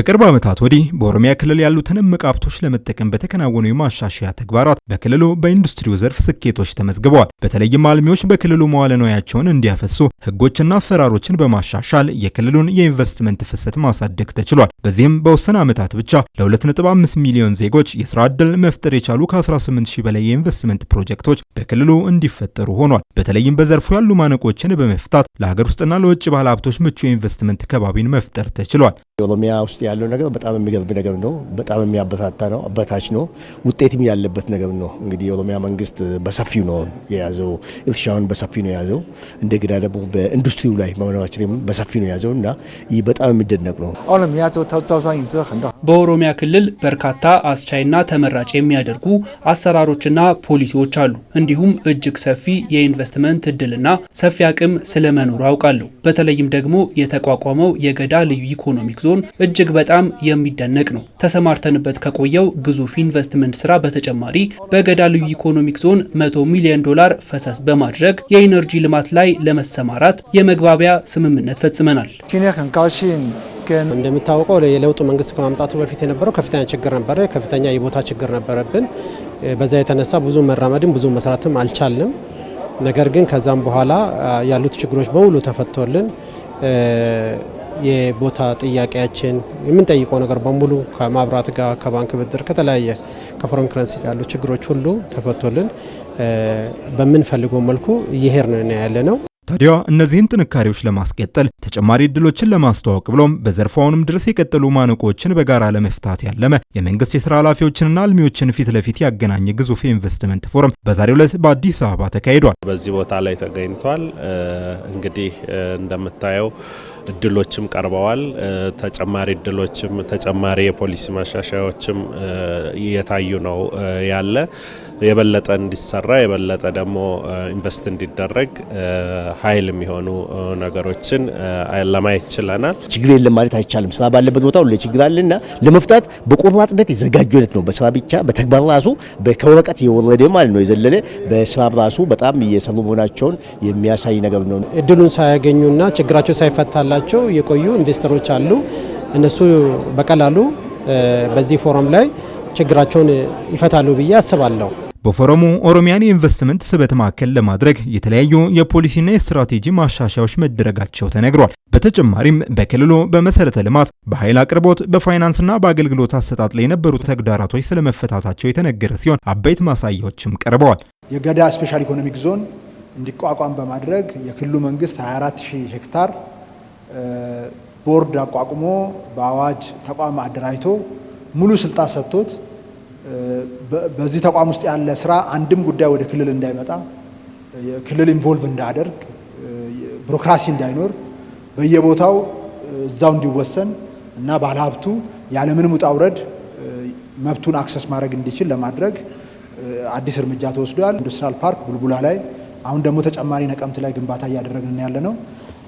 ከቅርብ ዓመታት ወዲህ በኦሮሚያ ክልል ያሉትን እምቅ ሀብቶች ለመጠቀም በተከናወኑ የማሻሻያ ተግባራት በክልሉ በኢንዱስትሪው ዘርፍ ስኬቶች ተመዝግበዋል። በተለይም አልሚዎች በክልሉ መዋለ ንዋያቸውን እንዲያፈሱ ህጎችና አሰራሮችን በማሻሻል የክልሉን የኢንቨስትመንት ፍሰት ማሳደግ ተችሏል። በዚህም በወሰነ ዓመታት ብቻ ለ2.5 ሚሊዮን ዜጎች የስራ ዕድል መፍጠር የቻሉ ከ18 ሺህ በላይ የኢንቨስትመንት ፕሮጀክቶች በክልሉ እንዲፈጠሩ ሆኗል። በተለይም በዘርፉ ያሉ ማነቆችን በመፍታት ለሀገር ውስጥና ለውጭ ባለ ሀብቶች ምቹ የኢንቨስትመንት ከባቢን መፍጠር ተችሏል። ኦሮሚያ ውስጥ ያለው ነገር በጣም የሚገርም ነገር ነው። በጣም የሚያበታታ ነው፣ አበታች ነው፣ ውጤትም ያለበት ነገር ነው። እንግዲህ የኦሮሚያ መንግስት በሰፊው ነው የያዘው፣ እርሻውን በሰፊው ነው የያዘው። እንደገና ደግሞ በኢንዱስትሪው ላይ መሆናችን በሰፊው ነው የያዘው እና ይህ በጣም የሚደነቅ ነው። በኦሮሚያ ክልል በርካታ አስቻይና ተመራጭ የሚያደርጉ አሰራሮችና ፖሊሲዎች አሉ። እንዲሁም እጅግ ሰፊ የኢንቨስትመንት እድልና ሰፊ አቅም ስለመኖሩ አውቃለሁ። በተለይም ደግሞ የተቋቋመው የገዳ ልዩ ኢኮኖሚክ ዞን እጅግ እጅግ በጣም የሚደነቅ ነው። ተሰማርተንበት ከቆየው ግዙፍ ኢንቨስትመንት ስራ በተጨማሪ በገዳ ልዩ ኢኮኖሚክ ዞን 100 ሚሊዮን ዶላር ፈሰስ በማድረግ የኢነርጂ ልማት ላይ ለመሰማራት የመግባቢያ ስምምነት ፈጽመናል። እንደሚታወቀው የለውጡ መንግስት ከማምጣቱ በፊት የነበረው ከፍተኛ ችግር ነበረ። ከፍተኛ የቦታ ችግር ነበረብን። በዛ የተነሳ ብዙ መራመድም ብዙ መስራትም አልቻልንም። ነገር ግን ከዛም በኋላ ያሉት ችግሮች በሙሉ ተፈቶልን የቦታ ጥያቄያችን የምንጠይቀው ነገር በሙሉ ከማብራት ጋር ከባንክ ብድር ከተለያየ ከፎረን ከረንሲ ያሉ ችግሮች ሁሉ ተፈቶልን በምንፈልገው መልኩ እየሄር ነው ያለ ነው። ታዲያ እነዚህን ጥንካሬዎች ለማስቀጠል ተጨማሪ እድሎችን ለማስተዋወቅ ብሎም በዘርፉ አሁንም ድረስ የቀጠሉ ማነቆችን በጋራ ለመፍታት ያለመ የመንግስት የስራ ኃላፊዎችንና አልሚዎችን ፊት ለፊት ያገናኘ ግዙፍ የኢንቨስትመንት ፎረም በዛሬው ዕለት በአዲስ አበባ ተካሂዷል። በዚህ ቦታ ላይ ተገኝቷል። እንግዲህ እንደምታየው እድሎችም ቀርበዋል። ተጨማሪ እድሎችም ተጨማሪ የፖሊሲ ማሻሻያዎችም እየታዩ ነው ያለ የበለጠ እንዲሰራ የበለጠ ደግሞ ኢንቨስት እንዲደረግ ኃይል የሚሆኑ ነገሮችን ለማየት ችለናል። ችግር የለም ማለት አይቻልም። ስራ ባለበት ቦታ ሁሉ ችግር አለና ለመፍታት በቆራጥነት አይነት ነው። በስራ ብቻ በተግባር ራሱ ከወረቀት የወረደ ማለት ነው የዘለለ በስራ ራሱ በጣም እየሰሩ መሆናቸውን የሚያሳይ ነገር ነው። እድሉን ሳያገኙና ችግራቸው ሳይፈታላ ያላቸው የቆዩ ኢንቨስተሮች አሉ። እነሱ በቀላሉ በዚህ ፎረም ላይ ችግራቸውን ይፈታሉ ብዬ አስባለሁ። በፎረሙ ኦሮሚያን የኢንቨስትመንት ስበት ማዕከል ለማድረግ የተለያዩ የፖሊሲና የስትራቴጂ ማሻሻያዎች መደረጋቸው ተነግሯል። በተጨማሪም በክልሉ በመሰረተ ልማት፣ በኃይል አቅርቦት፣ በፋይናንስና በአገልግሎት አሰጣጥ ላይ የነበሩ ተግዳራቶች ስለመፈታታቸው የተነገረ ሲሆን አበይት ማሳያዎችም ቀርበዋል። የገዳ ስፔሻል ኢኮኖሚክ ዞን እንዲቋቋም በማድረግ የክልሉ መንግስት 24000 ሄክታር ቦርድ አቋቁሞ በአዋጅ ተቋም አደራጅቶ ሙሉ ስልጣን ሰጥቶት በዚህ ተቋም ውስጥ ያለ ስራ አንድም ጉዳይ ወደ ክልል እንዳይመጣ የክልል ኢንቮልቭ እንዳያደርግ ቢሮክራሲ እንዳይኖር በየቦታው እዛው እንዲወሰን እና ባለሀብቱ ያለምንም ውጣ ውረድ መብቱን አክሰስ ማድረግ እንዲችል ለማድረግ አዲስ እርምጃ ተወስዷል። ኢንዱስትሪያል ፓርክ ቡልቡላ ላይ አሁን ደግሞ ተጨማሪ ነቀምት ላይ ግንባታ እያደረግን ያለ ነው።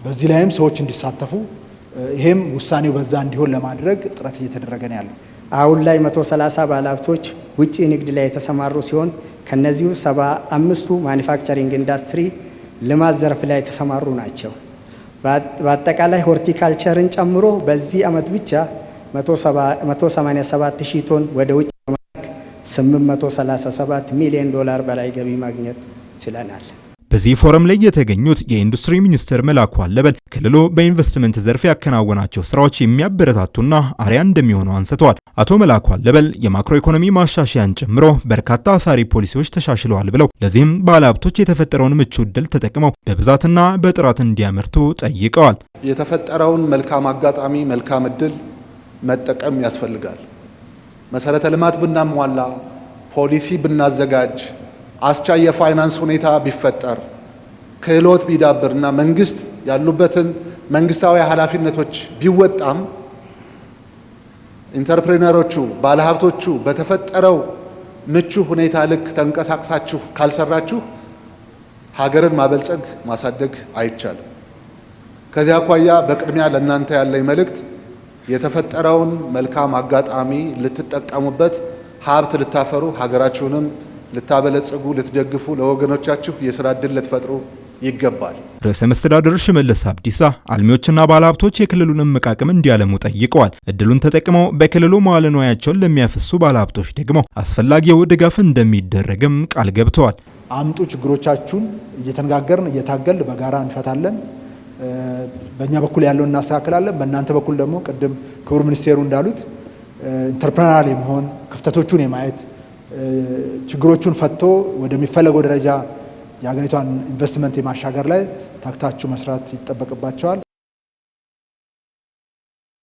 በዚህ ላይም ሰዎች እንዲሳተፉ ይሄም ውሳኔው በዛ እንዲሆን ለማድረግ ጥረት እየተደረገ ነው ያለው። አሁን ላይ 130 ባለሀብቶች ውጭ ንግድ ላይ የተሰማሩ ሲሆን ከነዚሁ 75ቱ ማኒፋክቸሪንግ ኢንዱስትሪ ልማት ዘርፍ ላይ የተሰማሩ ናቸው። በአጠቃላይ ሆርቲካልቸርን ጨምሮ በዚህ ዓመት ብቻ 187 ሺህ ቶን ወደ ውጭ በመላክ 837 ሚሊዮን ዶላር በላይ ገቢ ማግኘት ችለናል። በዚህ ፎረም ላይ የተገኙት የኢንዱስትሪ ሚኒስትር መላኩ አለበል ክልሉ በኢንቨስትመንት ዘርፍ ያከናወናቸው ስራዎች የሚያበረታቱና አሪያ እንደሚሆኑ አንስተዋል። አቶ መላኩ አለበል የማክሮ ኢኮኖሚ ማሻሻያን ጨምሮ በርካታ አሳሪ ፖሊሲዎች ተሻሽለዋል ብለው ለዚህም ባለሀብቶች የተፈጠረውን ምቹ እድል ተጠቅመው በብዛትና በጥራት እንዲያመርቱ ጠይቀዋል። የተፈጠረውን መልካም አጋጣሚ፣ መልካም ዕድል መጠቀም ያስፈልጋል። መሰረተ ልማት ብናሟላ፣ ፖሊሲ ብናዘጋጅ አስቻይ የፋይናንስ ሁኔታ ቢፈጠር ክህሎት ቢዳብርና መንግስት ያሉበትን መንግስታዊ ኃላፊነቶች ቢወጣም ኢንተርፕሬነሮቹ ባለሀብቶቹ በተፈጠረው ምቹ ሁኔታ ልክ ተንቀሳቅሳችሁ ካልሰራችሁ ሀገርን ማበልጸግ ማሳደግ አይቻልም። ከዚህ አኳያ በቅድሚያ ለእናንተ ያለኝ መልእክት የተፈጠረውን መልካም አጋጣሚ ልትጠቀሙበት፣ ሀብት ልታፈሩ፣ ሀገራችሁንም ልታበለጽጉ፣ ልትደግፉ፣ ለወገኖቻችሁ የስራ እድል ልትፈጥሩ ይገባል። ርዕሰ መስተዳድር ሽመልስ አብዲሳ አልሚዎችና ባለሀብቶች የክልሉን እምቅ አቅም እንዲያለሙ ጠይቀዋል። እድሉን ተጠቅመው በክልሉ መዋለ ንዋያቸውን ለሚያፈሱ ባለሀብቶች ደግሞ አስፈላጊው ድጋፍ እንደሚደረግም ቃል ገብተዋል። አምጡ ችግሮቻችሁን እየተነጋገርን እየታገል በጋራ እንፈታለን። በእኛ በኩል ያለውን እናስተካክላለን። በእናንተ በኩል ደግሞ ቅድም ክቡር ሚኒስቴሩ እንዳሉት ኢንተርፕረናል የመሆን ክፍተቶቹን የማየት ችግሮቹን ፈቶ ወደሚፈለገው ደረጃ የሀገሪቷን ኢንቨስትመንት የማሻገር ላይ ታክታችሁ መስራት ይጠበቅባቸዋል።